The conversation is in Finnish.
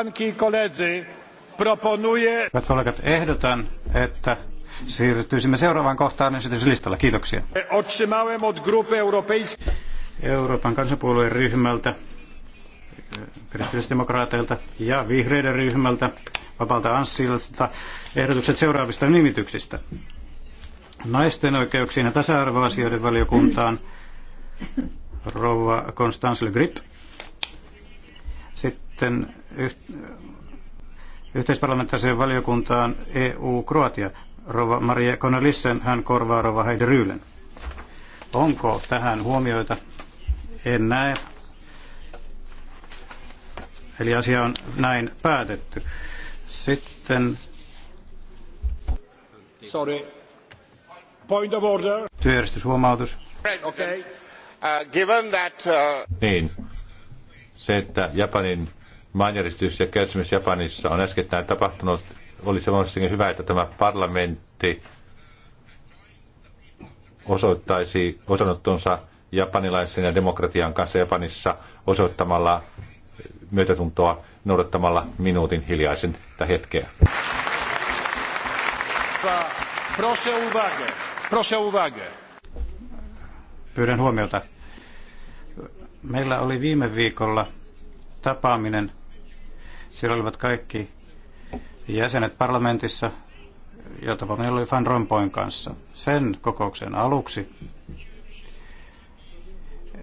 Hyvät kollegat, ehdotan, että siirtyisimme seuraavaan kohtaan esityslistalla. Kiitoksia. Euroopan kansanpuolueen ryhmältä, kristillisdemokraateilta ja vihreiden ryhmältä, vapaalta Anssilta, ehdotukset seuraavista nimityksistä. Naisten oikeuksien ja tasa-arvoasioiden valiokuntaan rouva Konstans Le Grip. Sitten yh- yhteisparlamentaariseen valiokuntaan EU-Kroatia. Rova Maria Konalissen, hän korvaa Rova Heidi Ryylen. Onko tähän huomioita? En näe. Eli asia on näin päätetty. Sitten... Sorry. Point of order. Työjärjestyshuomautus. Okay. Uh, given that, uh... Niin, se, että Japanin maanjäristys ja kärsimys Japanissa on äskettäin tapahtunut, oli semmoisesti hyvä, että tämä parlamentti osoittaisi osanottonsa japanilaisen ja demokratian kanssa Japanissa osoittamalla myötätuntoa noudattamalla minuutin hiljaisen hetkeä. Pyydän huomiota. Meillä oli viime viikolla tapaaminen. Siellä olivat kaikki jäsenet parlamentissa, ja tapaaminen oli Van Rompoin kanssa. Sen kokouksen aluksi